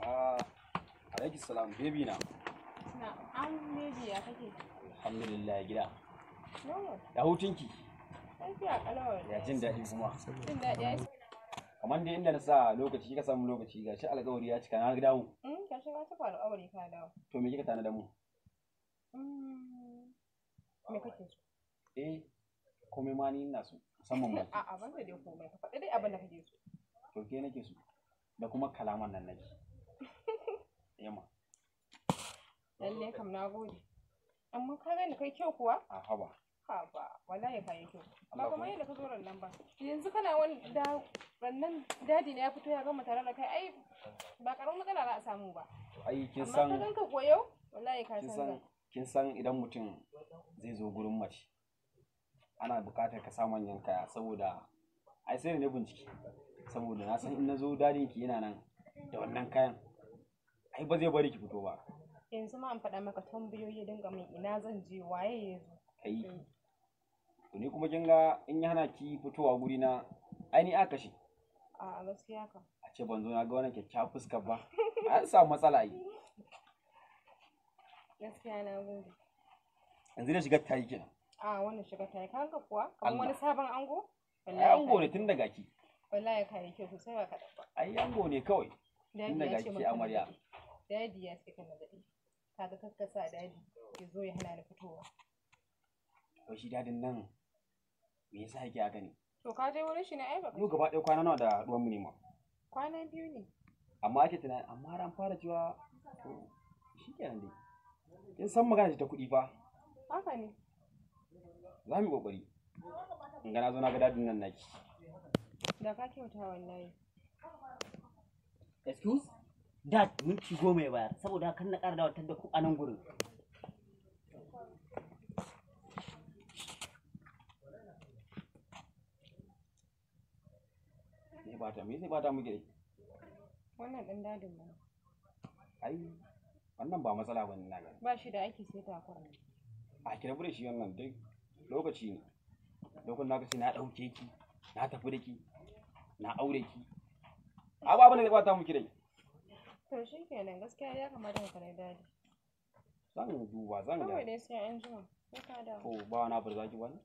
Ah, alaikum salam baby na baby ya kake alhamdulillah gida ya hutunki ya jin daɗi kuma jin kamar dai inda na sa lokaci kika samu lokaci ga shi alƙawari ya cika na dawo ka mm, shi ka cika alƙawari ka dawo to me kika tana da mu mm, me kake so eh komai ma ni ina so musamman ba a'a ban da dai komai ka faɗi dai abin da kake so to ke nake so da kuma kalaman nan nake yamma lalle kam na gode amma ka gani kai kyau kuwa a haba haba wallahi ka yi kyau ba kuma yadda ka zo nan ba yanzu kana wani da wannan dadi ne ya fito ya gama tare da kai ai ba karamin matsala za a samu ba ai kin san amma ka ganka ko yau wallahi ka san kin san idan mutum zai zo gurin mace ana bukatar ka sa yanka saboda ai sai ne bincike saboda na san in na zo dadin ki yana nan da wannan kayan ai ba zai bari ki fito ba yanzu ma an faɗa maka tambayoyi dinga min ina zan je waye ya zo ai mm. to ni kuma kin ga in ya hana ki fitowa guri na ai ni aka shi a gaskiya ka a ce ban zo na ga wannan kyakkyawa fuska ba an samu matsala yi. gaskiya na gode yanzu da shigar tayi kenan a wannan shigar tayi kanka kuwa kamar wani sabon ango wallahi ango ne tun daga ki wallahi ka yi kyau sosai ba kaɗan ba ai yango ne kawai tunda ga ke amarya dadi ya ce kana daɗi kaga kakkasa dadi ya zo ya hana ni fitowa to shi dadin nan me yasa yake haka ne to ka je wurin shi ne ai ba mu gaba ɗaya kwana nawa da ruwan mu ma kwana biyu ne amma ake tunani amma ran fara cewa to shi kenan dai kin san magana ce ta kuɗi fa haka ne za mu yi ƙoƙari in ga na zo na ga dadin nan naki Da ka kyauta wallahi. Excuse? Da minti goma ya bayar saboda kan na ƙara dawatar da ku a nan gurin. Me ba ta me zai ba ta mu Wannan dadin ba. Ai wannan ba matsala bane na gani. Ba shi da sai A kira bude shi wannan duk lokaci ne. Lokacin na ga sai na ɗauke ki. na tafi da ki na aure ki abu abin da zai bata miki rai to shi kenan gaskiya ya kamata ka rai daji zan duba zan ga kawai dai sai an jima ko ba wani abu da zaki wani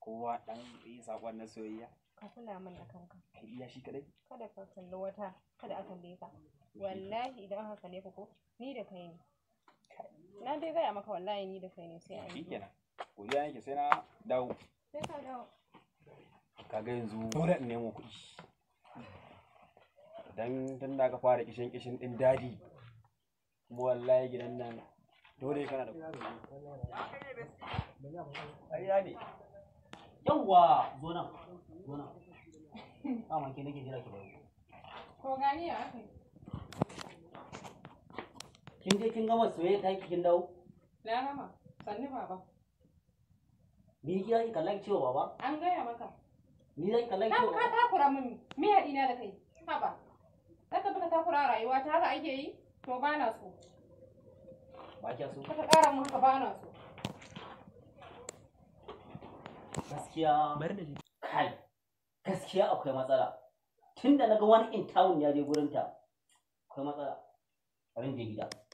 kowa dan yi sakon na soyayya ka kula min da kanka ka iya shi kadai kada ka kalli wata kada a kalle ka wallahi idan aka kalle ka ko ni da kai ne na dai gaya maka wallahi ni da kai ne sai an yi ko ya yake sai na dawo sai ka dawo kaga yanzu dole in nemo kuɗi dan dan da ka fara kishin kishin din dadi kuma wallahi gidan nan dole kana da kuɗi zo nan zo nan ke nake jira ki bari ko gani ya kin je kin gama soyayya ta kin dawo na gama sanni baba cewa baba an gaya maka Ni zan kallon kyau. Ka takura min me haɗi na da kai. Haba. Ka tafi ka takura rayuwa ta haka ake yi? To ba na so. Ba kya so? Ka ƙara mun haka ba na so. Gaskiya. Bari na Kai. Gaskiya akwai matsala. Tunda na ga wani in town ya je gurinta. Akwai matsala. Bari je gida.